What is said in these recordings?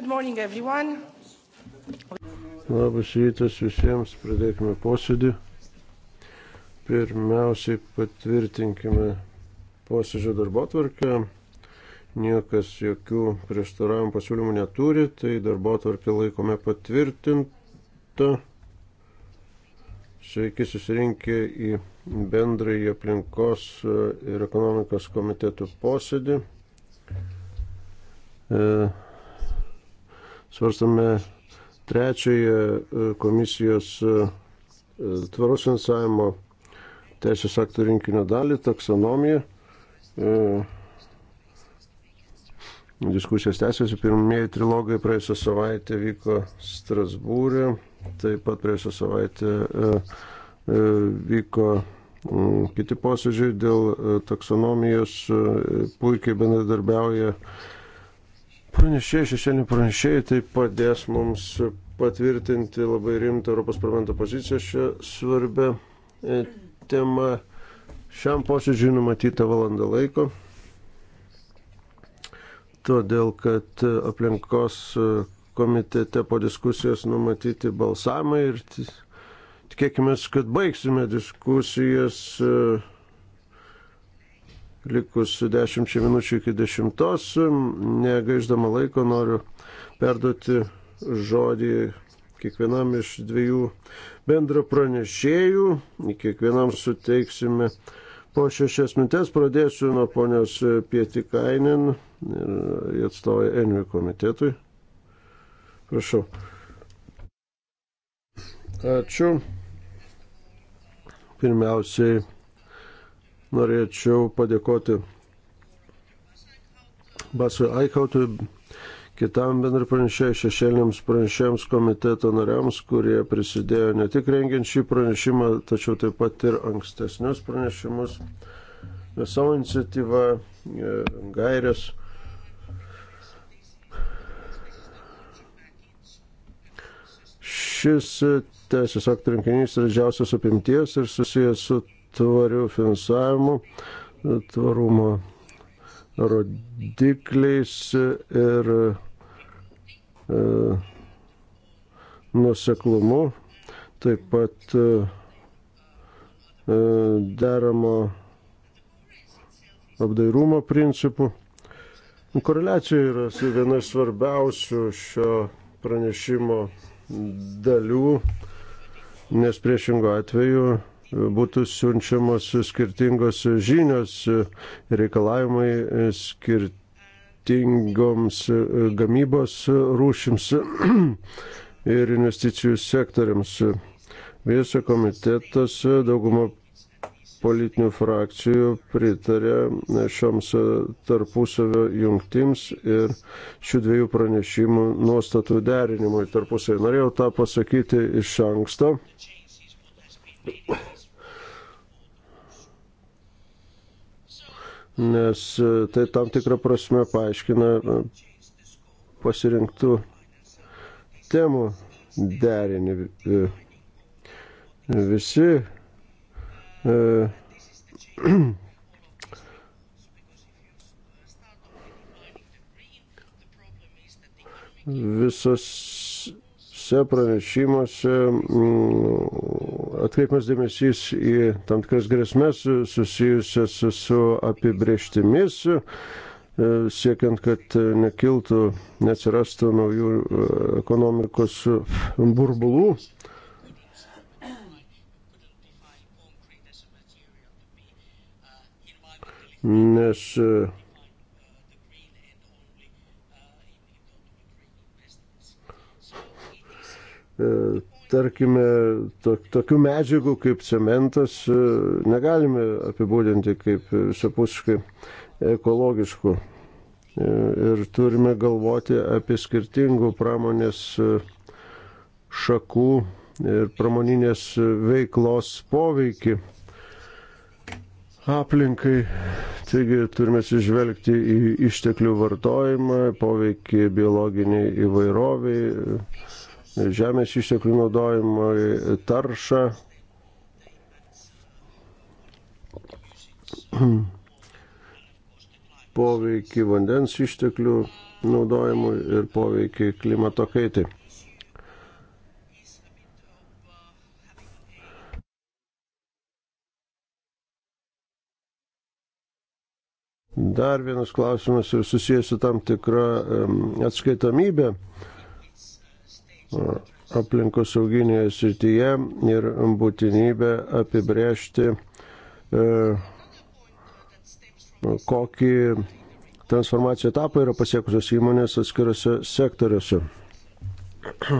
Good morning, everyone. Labas rytas visiems, pradėkime posėdį. Pirmiausiai patvirtinkime posėdžio darbo tvarkę. Niekas jokių prieštaravimų pasiūlymų neturi, tai darbo tvarkę laikome patvirtintą. Sveiki susirinkę į bendrąjį aplinkos ir ekonomikos komitetų posėdį. E, svarstame trečiąją e, komisijos e, tvaros finansavimo teisės aktų rinkinio dalį, taksonomiją. E, diskusijos tęsiasi, pirmieji trilogai praėjusią savaitę vyko Strasbūrė, taip pat praėjusią savaitę vyko kiti posėdžiai dėl taksonomijos, puikiai bendradarbiauja Pranešėjai, šešėliniai pranešėjai taip padės mums patvirtinti labai rimtą Europos parlamento poziciją šią svarbę e, temą. Šiam posėdžiui numatyta valanda laiko, todėl kad aplinkos komitete po diskusijos numatyti balsamai ir tikėkime, kad baigsime diskusijas. Uh, likus 10 minučių iki 10. Negaiždama laiko noriu perduoti žodį kiekvienam iš dviejų bendro pranešėjų. Kiekvienam suteiksime po šešias mintes. Pradėsiu nuo ponios Pietikainin ir atstovai Envi komitetui. Prašau. Ačiū. Pirmiausiai norėčiau padėkoti Basui Aikautui, kitam bendrai pranešėjai, šešėlėms pranešėjams komiteto nariams, kurie prisidėjo ne tik rengiant šį pranešimą, tačiau taip pat ir ankstesnius pranešimus, savo iniciatyvą, e, gairias. Šis teisės aktų rinkinys yra didžiausios apimties ir susijęs su tvariu finansavimu, tvarumo rodikliais ir e, nuseklumu, taip pat e, e, deramo apdairumo principų. Koreliacija yra viena svarbiausių šio pranešimo dalių, nes priešingo atveju būtų siunčiamos skirtingos žinios, reikalavimai skirtingoms gamybos rūšims ir investicijų sektoriams. Vėsio komitetas dauguma politinių frakcijų pritarė šioms tarpusavio jungtims ir šių dviejų pranešimų nuostatų derinimui tarpusavio. Norėjau tą pasakyti iš anksto. nes e, tai tam tikrą prasme paaiškina e, pasirinktų temų derinį. E, visi e, visos visuose pranešimuose mm, atkreipimas dėmesys į tam tikras grėsmės susijusias su apibrieštimis, e, siekiant, kad nekiltų, neatsirastų naujų e, ekonomikos burbulų. Nes e, E, tarkime, to, tokių medžiagų kaip cementas e, negalime apibūdinti kaip visapusiškai ekologiškų. E, ir turime galvoti apie skirtingų pramonės šakų ir pramoninės veiklos poveikį aplinkai. Taigi turime atsižvelgti į išteklių vartojimą, poveikį biologiniai įvairoviai žemės išteklių naudojimui, taršą. poveikį vandens išteklių naudojimui ir poveikį klimato kaitai. Dar vienas klausimas ir susijęs su tam tikra atskaitomybė aplinkosauginėje srityje ir būtinybę apibrėžti, e, kokį transformacijų etapą yra pasiekusios įmonės atskirose sektoriuose.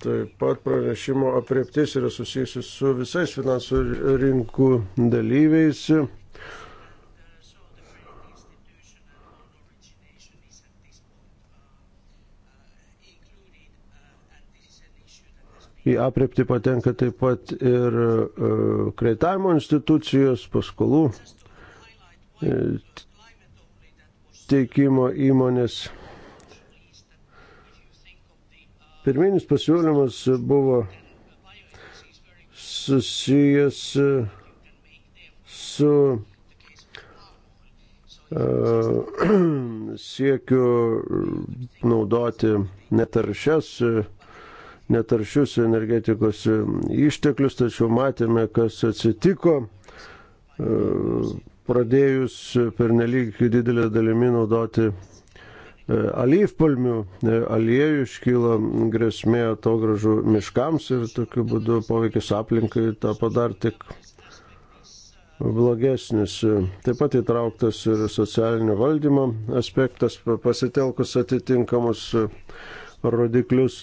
Taip pat pranešimo apriptis yra susijusi su visais finansų rinkų dalyviais į apriepti patenka taip pat ir e, kreditavimo institucijos, paskolų e, teikimo įmonės. Pirminis pasiūlymas buvo susijęs su e, siekiu naudoti netaršias netaršius energetikos e, išteklius, tačiau matėme, kas atsitiko e, pradėjus per nelik didelę dalimi naudoti e, alyvpalmių aliejų iškyla grėsmė atogražų miškams ir tokiu būdu poveikis aplinkai tapo dar tik blogesnis. Taip pat įtrauktas ir socialinio valdymo aspektas pasitelkus atitinkamus rodiklius.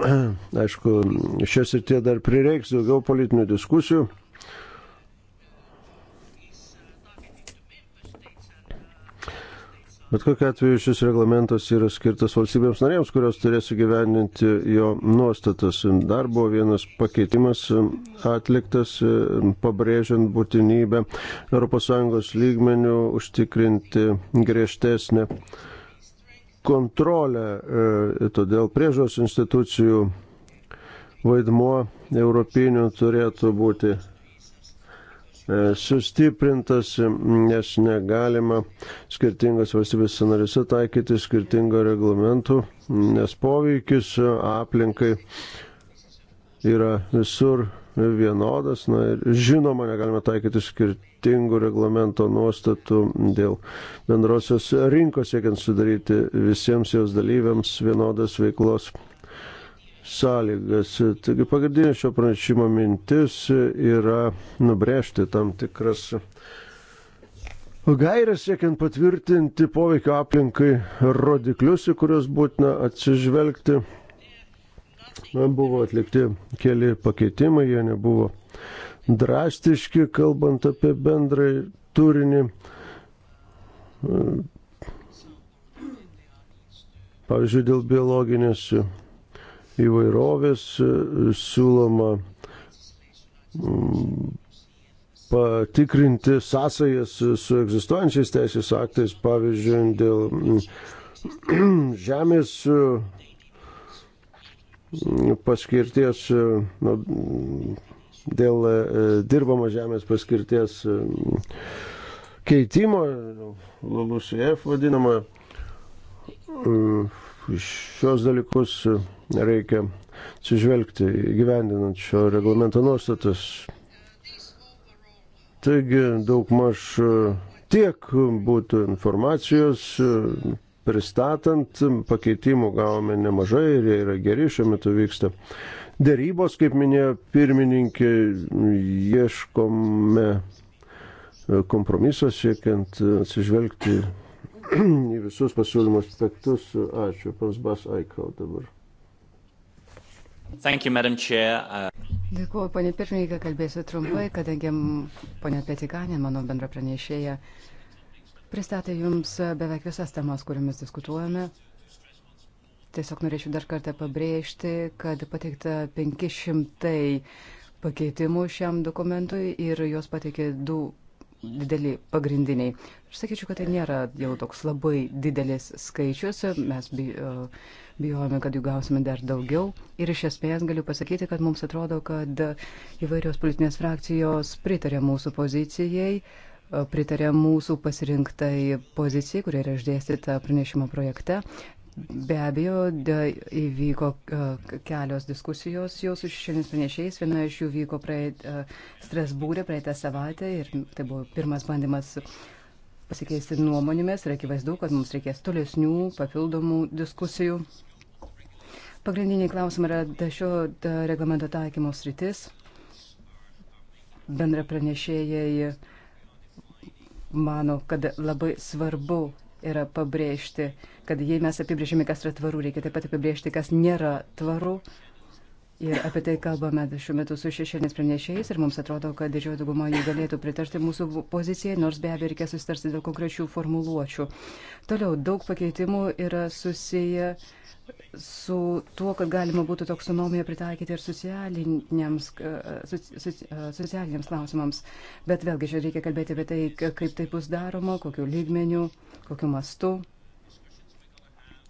Aišku, šios ir tie dar prireiks daugiau politinių diskusijų. Bet kokiu atveju šis reglamentas yra skirtas valstybėms narėms, kurios turės įgyvendinti jo nuostatas. Dar buvo vienas pakeitimas atliktas, pabrėžiant būtinybę ES lygmenių užtikrinti griežtesnę kontrolę, e, todėl priežos institucijų vaidmuo europinių turėtų būti e, sustiprintas, nes negalima skirtingos valstybės scenarise taikyti skirtingo reglamentų, nes poveikis aplinkai yra visur vienodas. Na ir žinoma, negalime taikyti skirtingų reglamento nuostatų dėl bendrosios rinkos, siekiant sudaryti visiems jos dalyviams vienodas veiklos sąlygas. Taigi pagrindinė šio pranešimo mintis yra nubrėžti tam tikras gairias siekiant patvirtinti poveikio aplinkai rodiklius, į kuriuos būtina atsižvelgti buvo atlikti keli pakeitimai, jie nebuvo drastiški, kalbant apie bendrai turinį. Pavyzdžiui, dėl biologinės įvairovės siūloma mm, patikrinti sąsajas su egzistuojančiais teisės aktais, pavyzdžiui, dėl mm, žemės paskirties, e, nu, dėl e, dirbamo žemės paskirties e, keitimo, LULUSIF vadinama, šios dalykus reikia atsižvelgti įgyvendinant šio reglamento nuostatas. Taigi daug maž tiek būtų informacijos, pristatant. Pakeitimų gavome nemažai ir jie yra geri, šiuo metu vyksta. Dėrybos, kaip minėjo pirmininkė, ieškome e, kompromiso siekiant atsižvelgti į visus pasiūlymo aspektus. Ačiū, pans Bas Aikau dabar. Thank you, Madam Chair. Uh... Dėkuoju, ponė pirmininkė, kalbėsiu trumpai, kadangi ponė Petikanė, mano bendra pranešėja, uh, pristatė Jums beveik visas temas, kuriomis diskutuojame. Tiesiog norėčiau dar kartą pabrėžti, kad pateikta 500 pakeitimų šiam dokumentui ir juos pateikė du dideli pagrindiniai. Aš sakyčiau, kad tai nėra jau toks labai didelis skaičius, mes e, bijojame, kad jų gausime dar daugiau. Ir iš esmės galiu pasakyti, kad mums atrodo, kad įvairios politinės frakcijos pritarė mūsų pozicijai, pritarė mūsų pasirinktai pozicijai, kuria yra išdėstyta pranešimo projekte. Be abejo, įvyko kelios diskusijos jau su šešėlinis pranešėjais. Viena iš jų vyko praeit, Strasbūrė praeitą savaitę ir tai buvo pirmas bandymas pasikeisti nuomonėmis ir akivaizdu, kad mums reikės tolesnių papildomų diskusijų. Pagrindiniai klausimai yra šio reglamento taikymo sritis. Bendra pranešėjai mano, kad labai svarbu yra pabrėžti, kad jei mes apibrėžime, kas yra tvaru, reikia taip pat apibrėžti, kas nėra tvaru Ir apie tai kalbame šiuo metu su šešėlinės pranešėjais ir mums atrodo, kad didžioji dauguma jų galėtų pritarti mūsų pozicijai, nors be abejo reikia susitarti dėl konkrečių formuluočių. Toliau, daug pakeitimų yra susiję su tuo, kad galima būtų taksonomiją pritaikyti ir socialiniams, socialiniams klausimams. Bet vėlgi, čia reikia kalbėti apie tai, kaip tai bus daroma, kokiu lygmeniu, kokiu mastu.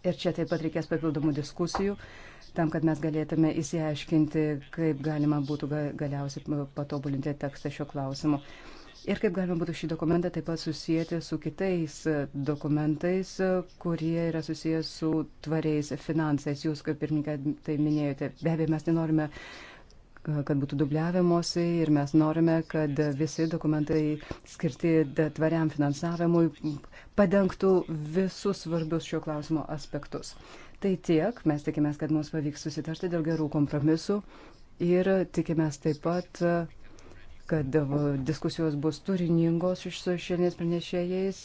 Ir čia taip pat reikės papildomų diskusijų tam, kad mes galėtume įsiaiškinti, kaip galima būtų galiausiai patobulinti tekstą šio klausimu. Ir kaip galima būtų šį dokumentą taip pat susijęti su kitais dokumentais, kurie yra susijęs su tvariais finansais. Jūs, kaip pirmininkai, tai minėjote. Be abejo, mes nenorime kad būtų dubliavimuose ir mes norime, kad visi dokumentai skirti tvariam finansavimui padengtų visus svarbius šio klausimo aspektus. Tai tiek, mes tikimės, kad mums pavyks susitarti dėl gerų kompromisų ir tikimės taip pat, kad diskusijos bus turiningos su šiandienis pranešėjais.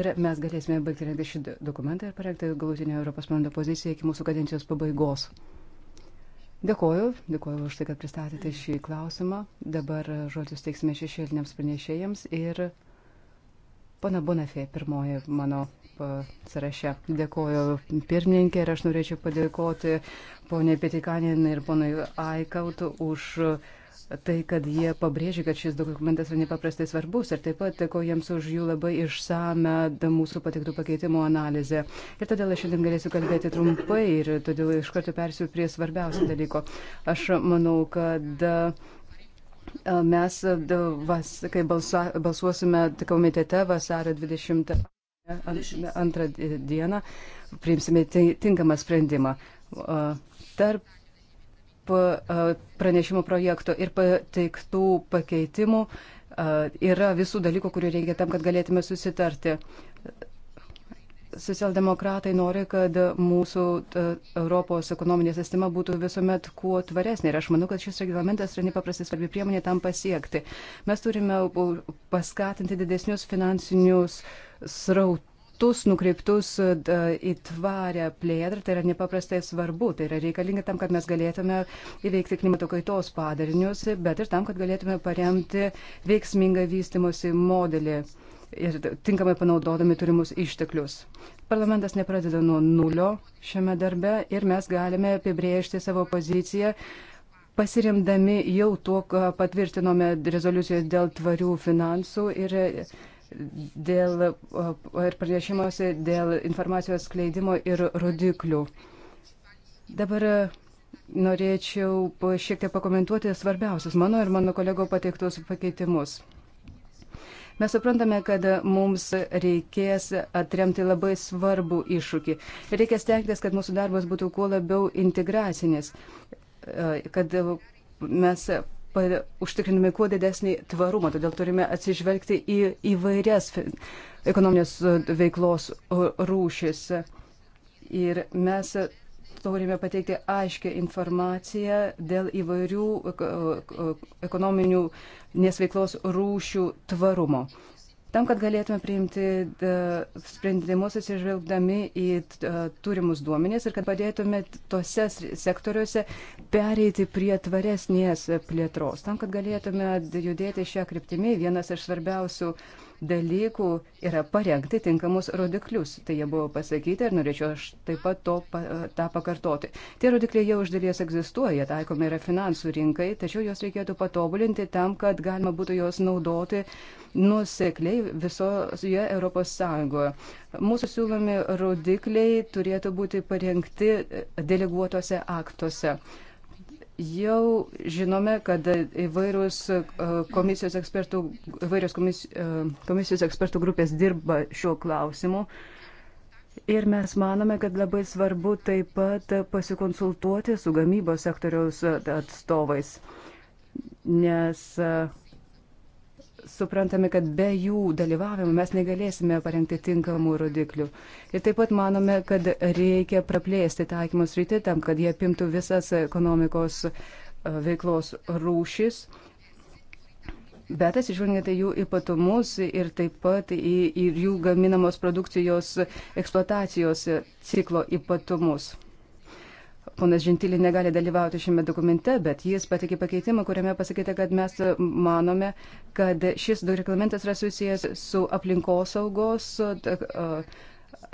Ir mes galėsime baigti rengti šį dokumentą ir parengti galutinę Europos parlamento poziciją iki mūsų kadencijos pabaigos. Dėkoju, dėkoju už tai, kad pristatėte šį klausimą. Dabar žodžius teiksime šešėliniams pranešėjams ir pana Bonafė, pirmoji mano sąraše. Dėkoju pirmininkė ir aš norėčiau padėkoti poniai Pietikanin ir ponui Aikaut už tai, kad jie pabrėžė, kad šis dokumentas yra nepaprastai svarbus ir taip pat dėkoju jiems už jų labai išsame mūsų patiktų pakeitimų analizę. Ir todėl aš šiandien galėsiu kalbėti trumpai ir todėl iš karto persiu prie svarbiausio dalyko. Aš manau, kad mes, vas, kai balsuosime komitete vasario 20 antrą dieną priimsime tinkamą sprendimą. Tarp pranešimo projekto ir pateiktų pakeitimų yra visų dalykų, kurių reikia tam, kad galėtume susitarti. Socialdemokratai nori, kad mūsų Europos ekonominė sistema būtų visuomet kuo tvaresnė ir aš manau, kad šis reglamentas yra nepaprastai svarbi priemonė tam pasiekti. Mes turime paskatinti didesnius finansinius srautus nukreiptus į tvarę plėtrą, tai yra nepaprastai svarbu, tai yra reikalinga tam, kad mes galėtume įveikti klimato kaitos padarinius, bet ir tam, kad galėtume paremti veiksmingą vystimosi modelį ir tinkamai panaudodami turimus išteklius. Parlamentas nepradeda nuo nulio šiame darbe ir mes galime apibriežti savo poziciją pasiremdami jau tuo, ką patvirtinome rezoliucijoje dėl tvarių finansų ir, dėl, ir pranešimuose dėl informacijos skleidimo ir rodiklių. Dabar norėčiau šiek tiek pakomentuoti svarbiausius mano ir mano kolego pateiktus pakeitimus. Mes suprantame, kad mums reikės atremti labai svarbų iššūkį. Reikia stengtis, kad mūsų darbas būtų kuo labiau integracinis, e, kad mes užtikrinami kuo didesnį tvarumą, todėl turime atsižvelgti į įvairias ekonominės veiklos rūšis. Ir mes turime pateikti aiškę informaciją dėl įvairių e, e, ekonominių nesveiklos rūšių tvarumo. Tam, kad galėtume priimti e, sprendimus atsižvelgdami į turimus duomenės ir kad padėtume tose sektoriuose pereiti prie tvaresnės plėtros. Tam, kad galėtume judėti šią kryptimį, vienas iš svarbiausių uh, dalykų yra parengti tinkamus rodiklius. Tai jie buvo pasakyti ir norėčiau aš taip pat to, tą pakartoti. Tie rodikliai jau iš dalies egzistuoja, taikomi yra finansų rinkai, tačiau juos reikėtų patobulinti tam, kad galima būtų juos naudoti nusekliai visoje Europos Sąjungoje. Mūsų siūlomi rodikliai turėtų būti parengti deleguotose aktuose. Jau žinome, kad įvairios e, komisijos ekspertų, įvairios komisijos, e, komisijos ekspertų grupės dirba šiuo klausimu. Ir mes manome, kad labai svarbu taip pat pasikonsultuoti su gamybos sektoriaus e, atstovais, nes uh, suprantame, kad be jų dalyvavimo mes negalėsime parengti tinkamų rodiklių. Ir taip pat manome, kad reikia praplėsti taikymus rytį tam, kad jie apimtų visas ekonomikos e, veiklos rūšis. Bet atsižvelgiant į jų ypatumus ir taip pat į, į jų gaminamos produkcijos eksploatacijos ciklo ypatumus. Ponas Žintilį negali dalyvauti šiame dokumente, bet jis patikė pakeitimą, kuriame pasakėte, kad mes manome, kad šis reglamentas yra susijęs su aplinkosaugos,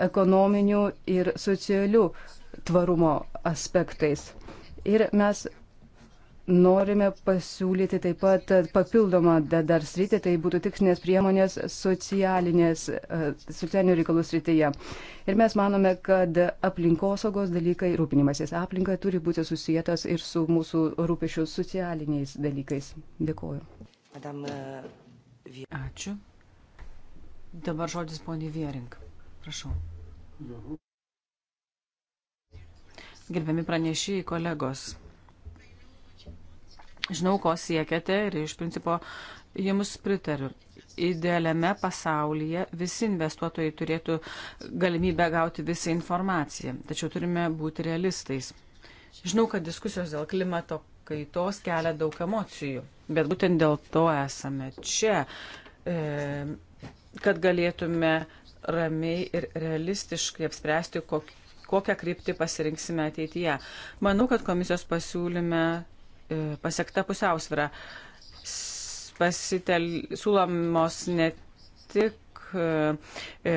ekonominiu ir socialiu tvarumo aspektais. Ir mes norime pasiūlyti taip pat papildomą dar sritį, tai būtų tikslinės priemonės e, socialinių reikalų srityje. Ir mes manome, kad aplinkosaugos dalykai, rūpinimasis aplinka turi būti susijęs ir su mūsų rūpešių socialiniais dalykais. Dėkuoju. E, Ačiū. Dabar žodis poniai Viering. Prašau. Gerbiami pranešėjai kolegos. Žinau, ko siekiate ir iš principo jums pritariu. Idealiame pasaulyje visi investuotojai turėtų galimybę gauti visą informaciją, tačiau turime būti realistais. Žinau, kad diskusijos dėl klimato kaitos kelia daug emocijų, bet būtent dėl to esame čia, e, kad galėtume ramiai ir realistiškai apspręsti, kokią kryptį pasirinksime ateityje. Manau, kad komisijos pasiūlyme E, pasiekta pusiausvėra. Pasitel, siūlomos ne tik e, e,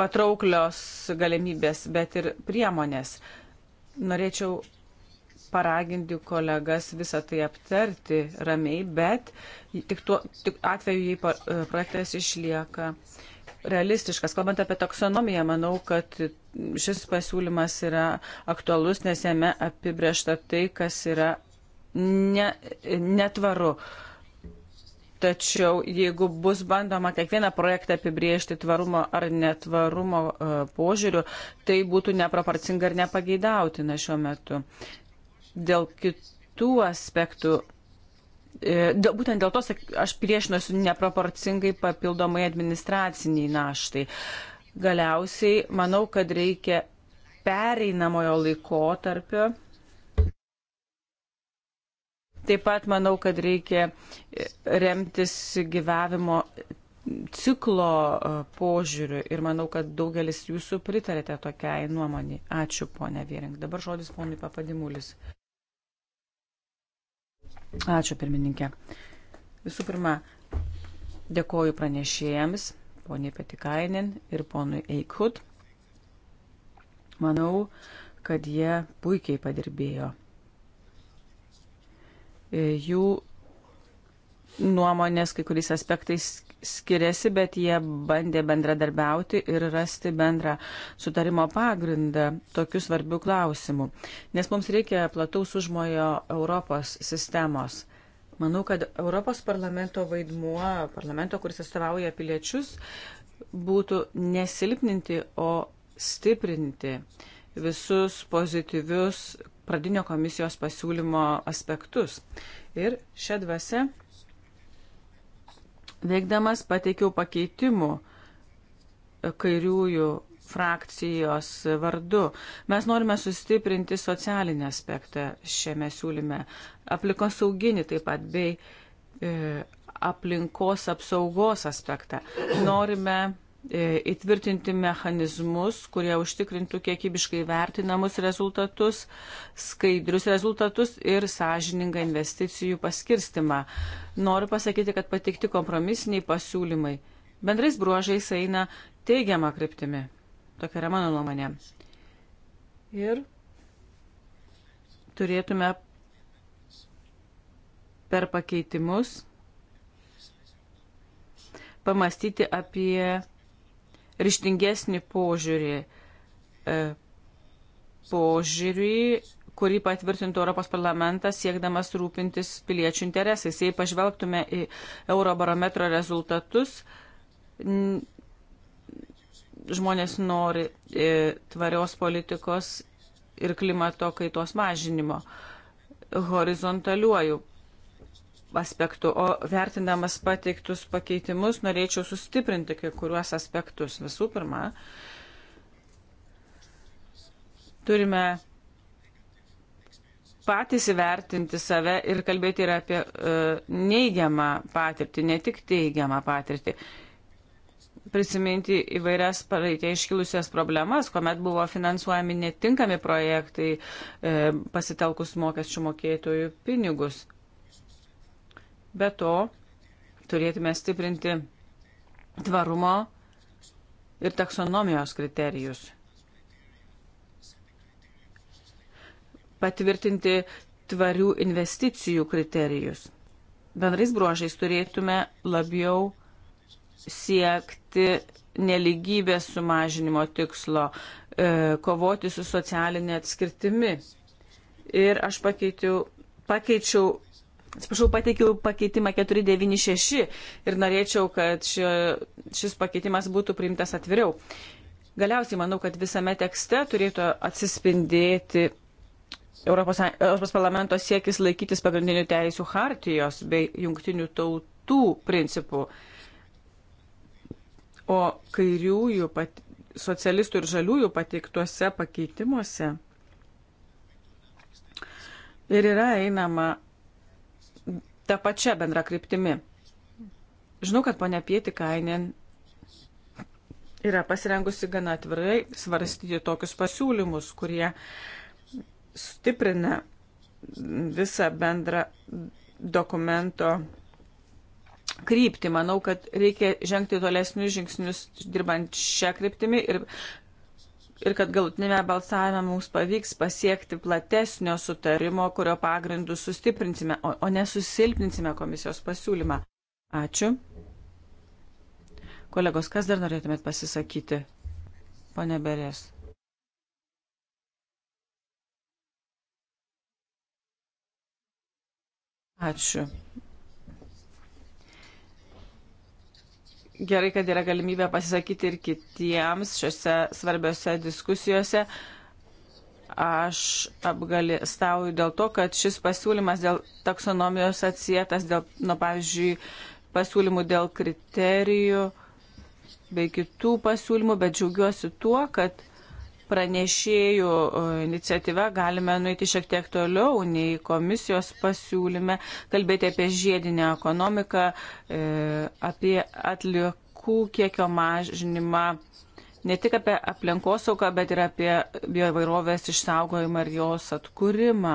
patrauklios galimybės, bet ir priemonės. Norėčiau paraginti kolegas visą tai aptarti ramiai, bet tik tuo tik atveju, jei e, projektas išlieka e, realistiškas. Kalbant apie taksonomiją, manau, kad šis pasiūlymas yra aktualus, nes jame apibriešta tai, kas yra ne, netvaru. Tačiau jeigu bus bandoma kiekvieną projektą apibriežti tvarumo ar netvarumo e, požiūriu, tai būtų neproporcinga ir nepageidautina šiuo metu. Dėl kitų aspektų E, būtent dėl to aš priešinuosi neproporcingai papildomai administraciniai naštai. Galiausiai manau, kad reikia pereinamojo laikotarpio. Taip pat manau, kad reikia e, remtis gyvavimo ciklo e, požiūriu ir manau, kad daugelis jūsų pritarėte tokiai nuomonį. Ačiū, ponia Vėrink. Dabar žodis ponui Papadimulis. Ačiū pirmininkė. Visų pirma, dėkoju pranešėjams, poniai Petikainin ir ponui Eikhut. Manau, kad jie puikiai padirbėjo. E, jų nuomonės kai kuriais aspektais skiriasi, bet jie bandė bendradarbiauti ir rasti bendrą sutarimo pagrindą tokių svarbių klausimų. Nes mums reikia plataus užmojo Europos sistemos. Manau, kad Europos parlamento vaidmuo, parlamento, kuris atstovauja piliečius, būtų nesilpninti, o stiprinti visus pozityvius pradinio komisijos pasiūlymo aspektus. Ir šią dvasę veikdamas pateikiau pakeitimų kairiųjų frakcijos vardu. Mes norime sustiprinti socialinį aspektą šiame siūlyme, aplinkos sauginį taip pat, bei e, aplinkos apsaugos aspektą. Norime E, įtvirtinti mechanizmus, kurie užtikrintų kiekybiškai vertinamus rezultatus, skaidrius rezultatus ir sąžiningą investicijų paskirstimą. Noriu pasakyti, kad patikti kompromisiniai pasiūlymai bendrais bruožais eina teigiamą kryptimį. Tokia yra mano nuomonė. Ir turėtume per pakeitimus pamastyti apie ryštingesnį požiūrį, e, požiūrį, kurį patvirtintų Europos parlamentas siekdamas rūpintis piliečių interesais. Jei pažvelgtume į Eurobarometro rezultatus, žmonės nori e, tvarios politikos ir klimato kaitos mažinimo horizontaliuoju aspektų, o vertinamas pateiktus pakeitimus norėčiau sustiprinti kai kuriuos aspektus. Visų pirma, turime patys įvertinti save ir kalbėti ir apie uh, neigiamą patirtį, ne tik teigiamą patirtį. Prisiminti įvairias praeitie iškilusias problemas, kuomet buvo finansuojami netinkami projektai, e, pasitelkus mokesčių mokėtojų pinigus. Be to, turėtume stiprinti tvarumo ir taksonomijos kriterijus. Patvirtinti tvarių investicijų kriterijus. Bendrais bruožais turėtume labiau siekti neligybės sumažinimo tikslo, e, kovoti su socialinė atskirtimi. Ir aš pakeičiau, pakeičiau Atsiprašau, pateikiau pakeitimą 496 ir norėčiau, kad ši, šis pakeitimas būtų priimtas atviriau. Galiausiai manau, kad visame tekste turėtų atsispindėti Europos, Europos parlamento siekis laikytis pagrindinių teisų hartijos bei jungtinių tautų principų. O kairiųjų, pat, socialistų ir žaliųjų pateiktuose pakeitimuose ir yra einama tą pačią bendrą kryptimį. Žinau, kad ponia Pietikainen yra pasirengusi gana atvirai svarstyti tokius pasiūlymus, kurie stiprina visą bendrą dokumento kryptį. Manau, kad reikia žengti tolesnius žingsnius dirbant šią kryptimį ir ir kad galutinėme balsavime mums pavyks pasiekti platesnio sutarimo, kurio pagrindų sustiprinsime, o, o nesusilpninsime komisijos pasiūlymą. Ačiū. Kolegos, kas dar norėtumėt pasisakyti? Pane Berės. Ačiū. Gerai, kad yra galimybė pasisakyti ir kitiems šiuose svarbiose diskusijose. Aš apgali stauju dėl to, kad šis pasiūlymas dėl taksonomijos atsietas, dėl, nu, pavyzdžiui, pasiūlymų dėl kriterijų bei kitų pasiūlymų, bet džiaugiuosi tuo, kad pranešėjų e, iniciatyva galime nueiti šiek tiek toliau nei komisijos pasiūlyme, kalbėti apie žiedinę ekonomiką, e, apie atliekų kiekio mažinimą, ne tik apie aplinkosauką, bet ir apie bioįvairovės išsaugojimą ir jos atkūrimą,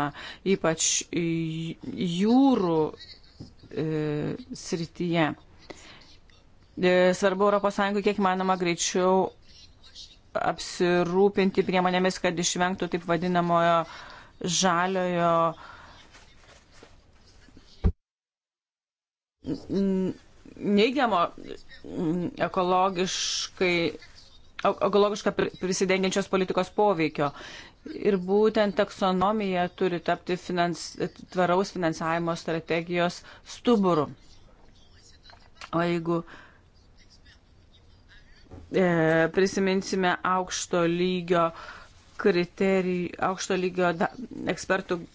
ypač jūrų e, srityje svarbu ES kiek manoma greičiau apsirūpinti priemonėmis, kad išvengtų taip vadinamojo žaliojo neigiamo ekologiškai e, ekologišką prisidengiančios politikos poveikio. Ir būtent taksonomija turi tapti finans, tvaraus finansavimo strategijos stuburu. O jeigu uh, e, prisiminsime aukšto lygio kriterijų, aukšto lygio da, ekspertų e,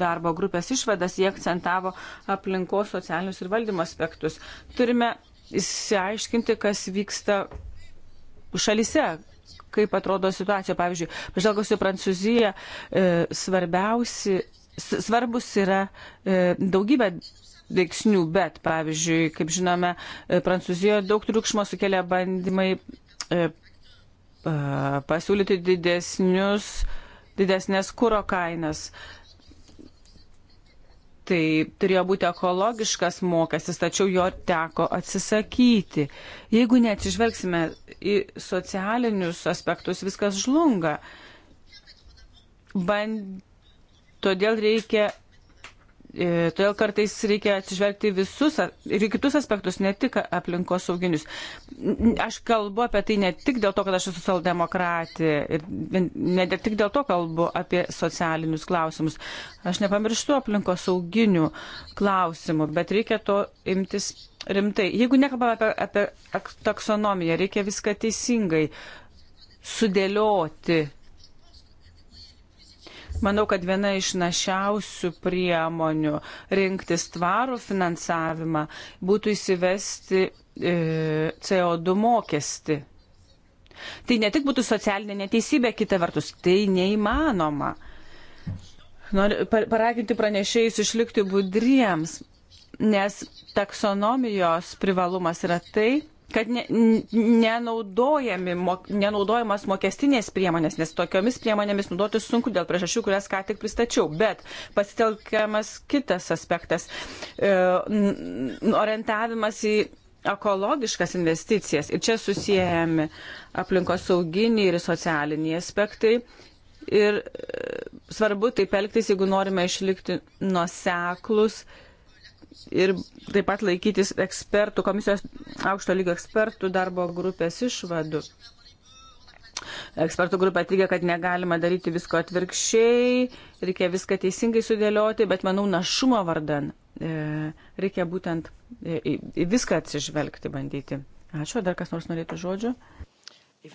darbo grupės išvadas, jie akcentavo aplinkos socialinius ir valdymo aspektus. Turime įsiaiškinti, kas vyksta šalise, kaip atrodo situacija. Pavyzdžiui, pažvelgus į Prancūziją, e, svarbiausi, svarbus yra e, daugybė veiksnių, bet, pavyzdžiui, kaip žinome, e, Prancūzijoje daug triukšmo sukelia bandymai e, pasiūlyti didesnius, didesnės kūro kainas. Tai turėjo būti ekologiškas mokestis, tačiau jo teko atsisakyti. Jeigu neatsižvelgsime į socialinius aspektus, viskas žlunga. Band... Todėl reikia E, todėl kartais reikia atsižvelgti visus ir kitus aspektus, ne tik aplinkos sauginius. Aš kalbu apie tai ne tik dėl to, kad aš esu socialdemokratė, ir ne tik dėl to kalbu apie socialinius klausimus. Aš nepamirštu aplinkos sauginių klausimų, bet reikia to imtis rimtai. Jeigu nekalbame apie, apie taksonomiją, reikia viską teisingai sudėlioti Manau, kad viena iš našiausių priemonių rinktis tvarų finansavimą būtų įsivesti e, CO2 mokestį. Tai ne tik būtų socialinė neteisybė, kita vertus, tai neįmanoma. Noriu paraginti pranešėjus išlikti budriems, nes taksonomijos privalumas yra tai, kad ne, mok, nenaudojamas mokestinės priemonės, nes tokiomis priemonėmis naudotis sunku dėl priežasčių, kurias ką tik pristačiau. Bet pasitelkiamas kitas aspektas e, - orientavimas į ekologiškas investicijas. Ir čia susijęjami aplinkosauginiai ir socialiniai aspektai. Ir e, svarbu taip elgtis, jeigu norime išlikti nuseklus ir taip pat laikytis ekspertų, komisijos aukšto lygio ekspertų darbo grupės išvadų. Ekspertų grupė teigia, kad negalima daryti visko atvirkščiai, reikia viską teisingai sudėlioti, bet manau našumo vardan e, reikia būtent e, į viską atsižvelgti, bandyti. Ačiū, dar kas nors norėtų žodžio?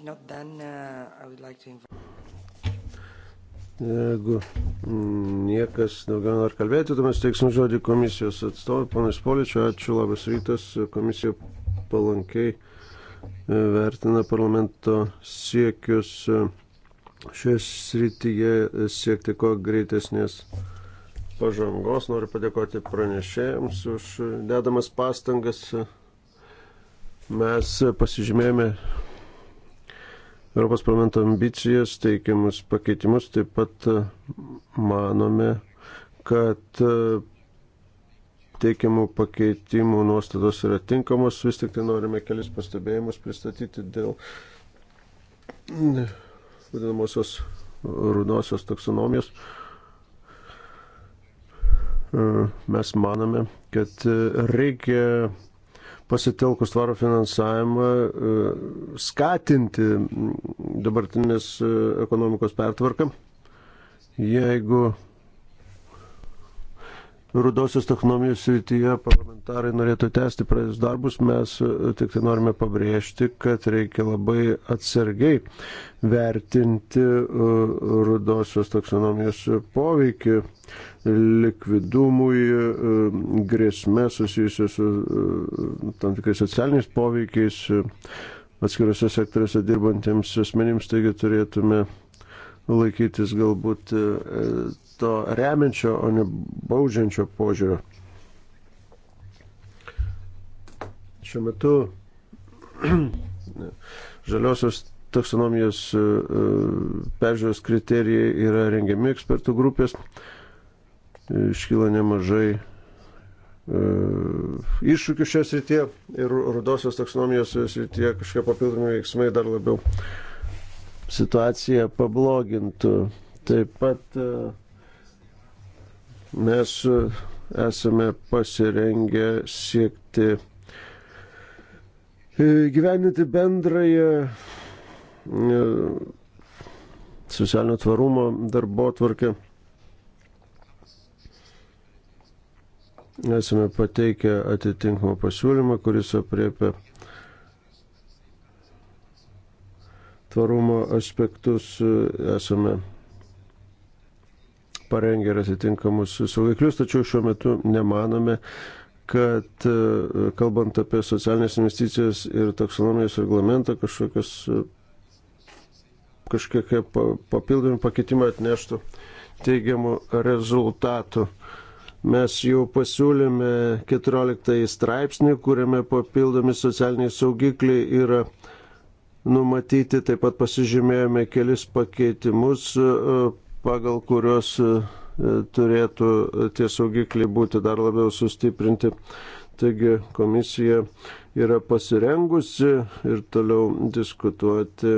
Not, then, uh, like to... Jeigu niekas daugiau nori kalbėti, tuomet teiksim žodį komisijos atstovui, panas Poličio, ačiū, labas rytas, komisija palankiai e, vertina parlamento siekius e, šioje srityje e, siekti kuo greitesnės pažangos. Noriu padėkoti pranešėjams už dedamas pastangas. Mes pasižymėjome Europos parlamento ambicijas, teikiamus pakeitimus, taip pat e, manome, kad e, teikiamų pakeitimų nuostatos yra tinkamos, vis tik tai norime kelis pastebėjimus pristatyti dėl vadinamosios rudosios taksonomijos. E, mes manome, kad reikia pasitelkus tvarų finansavimą e, skatinti dabartinės e, ekonomikos pertvarką. Jeigu rudosios technomijos srityje parlamentarai norėtų tęsti pradės darbus, mes e, tik tai norime pabrėžti, kad reikia labai atsargiai vertinti e, rudosios taksonomijos poveikį likvidumui, e, grėsmė susijusiu su tam tikrais socialiniais poveikiais atskiriuose sektoriuose dirbantiems asmenims, taigi turėtume laikytis galbūt e, to remiančio, o ne baudžiančio požiūrio. Šiuo metu žaliosios taksonomijos e, e, peržiūros kriterijai yra rengiami ekspertų grupės. Iškyla nemažai iššūkių šios rytie ir rudosios taksonomijos rytie kažkokie papildomi veiksmai dar labiau situacija pablogintų. Taip pat e, mes e, esame pasirengę siekti e, gyveninti bendrąją socialinio tvarumo darbo tvarkę. Esame pateikę atitinkamą pasiūlymą, kuris apriepia tvarumo aspektus, e, esame parengę ir atitinkamus saugiklius, tačiau šiuo metu nemanome, kad e, kalbant apie socialinės investicijas ir taksonomijos reglamentą, kažkokios e, kažkokie papildomi pakeitimai atneštų teigiamų rezultatų. Mes jau pasiūlėme 14 straipsnį, kuriame papildomi socialiniai saugikliai yra numatyti. Taip pat pasižymėjome kelis pakeitimus, e, pagal kurios e, turėtų tie saugikliai būti dar labiau sustiprinti. Taigi komisija yra pasirengusi ir toliau diskutuoti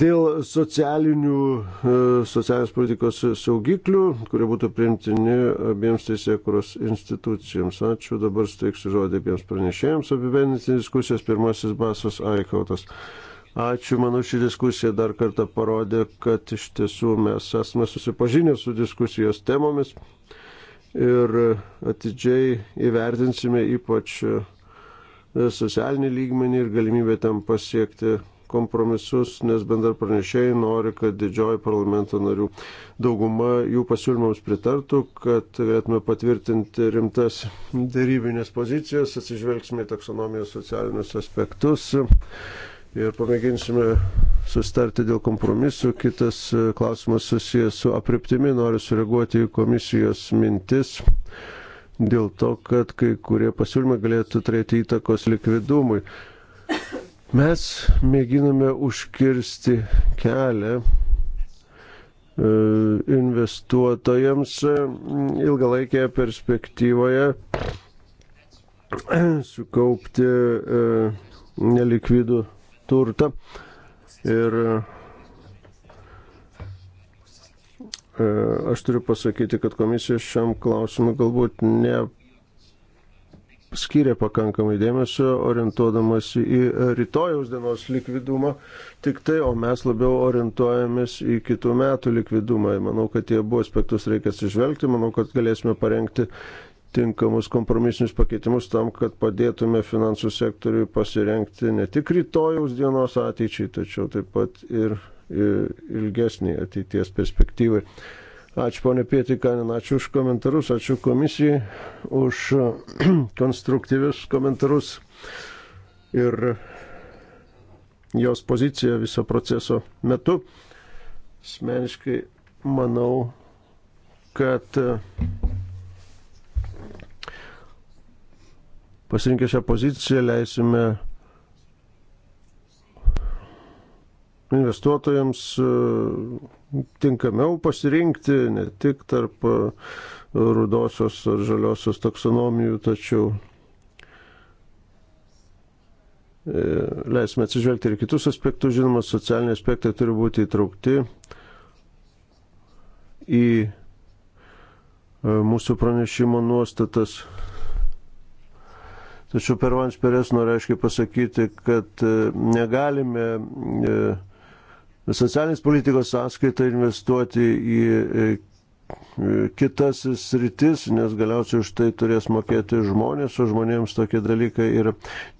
dėl socialinių, e, socialinės politikos saugiklių, kurie būtų priimtini abiems teisėkuros institucijoms. Ačiū, dabar steiksiu žodį abiems pranešėjams apibendinti diskusijas. Pirmasis basas Aikautas. Ačiū, manau, ši diskusija dar kartą parodė, kad iš tiesų mes esame susipažinę su diskusijos temomis ir atidžiai įvertinsime ypač socialinį lygmenį ir galimybę tam pasiekti kompromisus, nes bendra pranešėjai nori, kad didžioji parlamento narių dauguma jų pasiūlymams pritartų, kad galėtume patvirtinti rimtas dėrybinės pozicijas, atsižvelgsime į taksonomijos socialinius aspektus ir pamėginsime sustarti dėl kompromisų. Kitas klausimas susijęs su apriptimi. Noriu sureaguoti į komisijos mintis dėl to, kad kai kurie pasiūlymai galėtų turėti įtakos likvidumui. Mes mėginame užkirsti kelią e, investuotojams ilgalaikėje perspektyvoje sukaupti e, nelikvidų turtą ir e, aš turiu pasakyti, kad komisija šiam klausimui galbūt ne skiria pakankamai dėmesio orientuodamas į rytojaus dienos likvidumą, tik tai, o mes labiau orientuojamės į kitų metų likvidumą. Manau, kad tie buvo aspektus reikia atsižvelgti, manau, kad galėsime parengti tinkamus kompromisinius pakeitimus tam, kad padėtume finansų sektoriui pasirengti ne tik rytojaus dienos ateičiai, tačiau taip pat ir ilgesniai ateities perspektyvai. Ačiū ponė Pietikanin, ačiū už komentarus, ačiū komisijai už konstruktyvius komentarus ir jos poziciją viso proceso metu. Asmeniškai manau, kad pasirinkę šią poziciją leisime investuotojams e, tinkamiau pasirinkti ne tik tarp e, rudosios ar žaliosios taksonomijų, tačiau e, leisime atsižvelgti ir kitus aspektus, žinoma, socialiniai aspektai turi būti įtraukti į mūsų pranešimo nuostatas. Tačiau per Vans Peres noriu aiškiai pasakyti, kad negalime socialinės politikos sąskaitą investuoti į kitas sritis, nes galiausiai už tai turės mokėti žmonės, o žmonėms tokie dalykai yra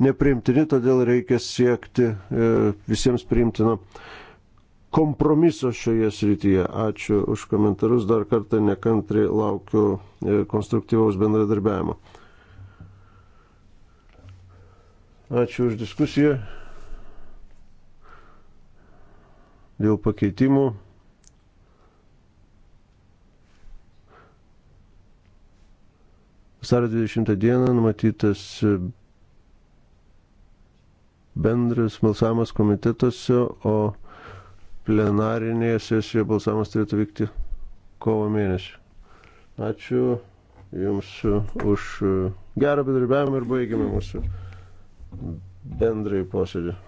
neprimtini, todėl reikia siekti e, visiems primtino kompromiso šioje srityje. Ačiū už komentarus, dar kartą nekantri laukiu e, konstruktyvaus bendradarbiavimo. Ačiū už diskusiją. dėl pakeitimų. Vasario 20 dieną numatytas e, bendras balsavimas komitetuose, o plenarinėje sesijoje balsavimas turėtų vykti kovo mėnesį. Ačiū Jums e, už e, gerą bedarbiavimą ir baigiame mūsų bendrąjį posėdį.